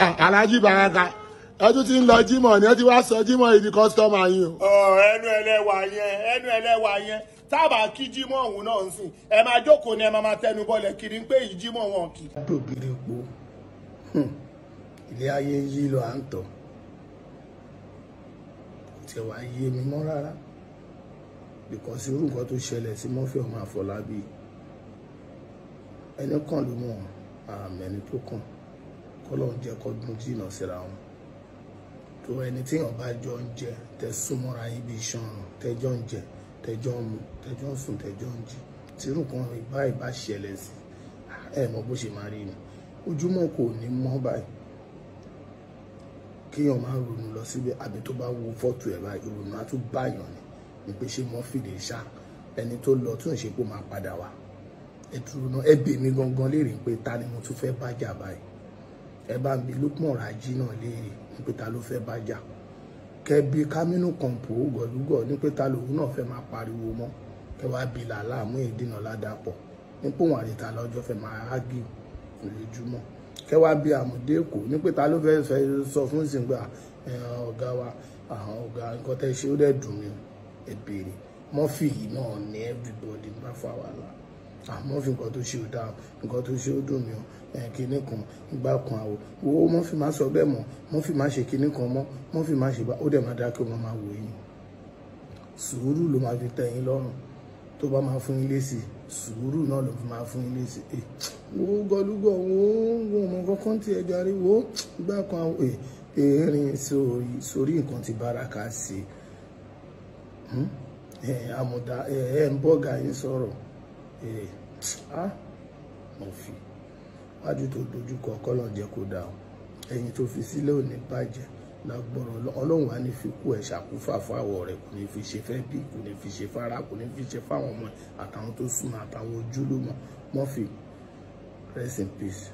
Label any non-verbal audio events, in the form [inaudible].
[laughs] alájí baraka ẹtú ti ń lọ jímọ̀ ni ẹ ti wá sọ jímọ̀ yìí di kọ́sítọ́mà yín o. ẹnu ẹlẹ́wà yẹn ẹnu ẹlẹ́wà yẹn tábà kí jímọ̀ ọ̀hún náà ń sìn ẹ máa jókòó ni ẹ máa tẹnu bọlẹ̀ kiri ń pé èyí jímọ̀ wọn kì. dògiri po hmm. ilé ayé ń yí lọ à ń tọ̀ tiẹ̀ wá yé mi mọ́ rárá because irú tó ṣẹlẹ̀ sí Murphy ọmọ Àfọlábí ẹni kan ló mọ̀ àmẹ́ni tó kàn kọ́lọ́run jẹ́ kọ́dún jìnnà síra wọn tó ẹni tí èèyàn bá jọ ń jẹ tẹ súnmọ́ra yín bíi iṣan ọ̀ràn tẹjọ́ ń jẹ tẹjọ́ ń mu tẹjọ́ ń sùn tẹjọ́ ń jí tírù kan ìbá ìbá ṣẹlẹ̀ sí ẹ mọ bó ṣe máa rí ni ojúmọ́ kò ní mọ́ báyìí kéèyàn máa ronú lọ síbi àbí tó bá wo fọ́tò ẹ̀ báyìí ìrònú á tún báyàn ni ní pé ṣé mọ́fìdì ṣá ẹni tó lọ tún ṣe máa padà wá ẹ dúró náà ẹ bèmí gangan léèrè pé ta ni mo tún fẹ́ bá jà báyìí ẹ bá ń bi Lukman Raji náà léèrè nípe ta ló fẹ́ bá jà kẹbi Kaminu Kọ̀ǹpó gọ̀lúgọ̀ nípe ta lòun náà fẹ́ máa pariwo mọ́ kẹ wá bi làlá àmú ìdènà ládàpọ̀ nípò wọn àti ta lọ́jọ́ fẹ́ máa hági lójúmọ́ kẹ wá bi àmúdé èkó nípe ta ló fẹ́ sọ fún ìsìngbà ọ̀gá wa àwọn ọ̀gá nǹkan tẹ́ ṣe ó dẹ̀ dùn mí ẹ béèrè mọ́fì yìí náà ní everybody bá fà wàhálà. àmọ́ ah, fi nǹkan tó ṣe ò dáa nǹkan tó ṣe ó dùn mí kan gbá kan àwò mọ́ fi máa sọ bẹ́ẹ̀ mọ́ mọ́ fi máa ṣe kinní kan mọ́ mọ́ fi ó dẹ̀ máa fi tẹ yín lọ́rùn tó bá máa fún yín lésì náà ló fi máa fún yín lésì wo gọlúgọ wo ọmọ kankan tí ẹ wo gbá kan ee eh, á ah, mo fi wájú tó dojú kọ kọ́lọ̀ jẹ́ kó dà o ẹ̀yìn tó fi sílẹ̀ ò ní bàjẹ́ lágbọ́rọ̀ ọlọ́run á ní fi kú ẹ̀ ṣàkúfà fáwọ̀ rẹ̀ kò ní fi ṣe fẹ́ bí kò ní fi ṣe fara kò ní fi ṣe fáwọn ọmọ àtàwọn tó súnmọ́ àtàwọn ojúlùmọ̀ mọ́fì rest in peace.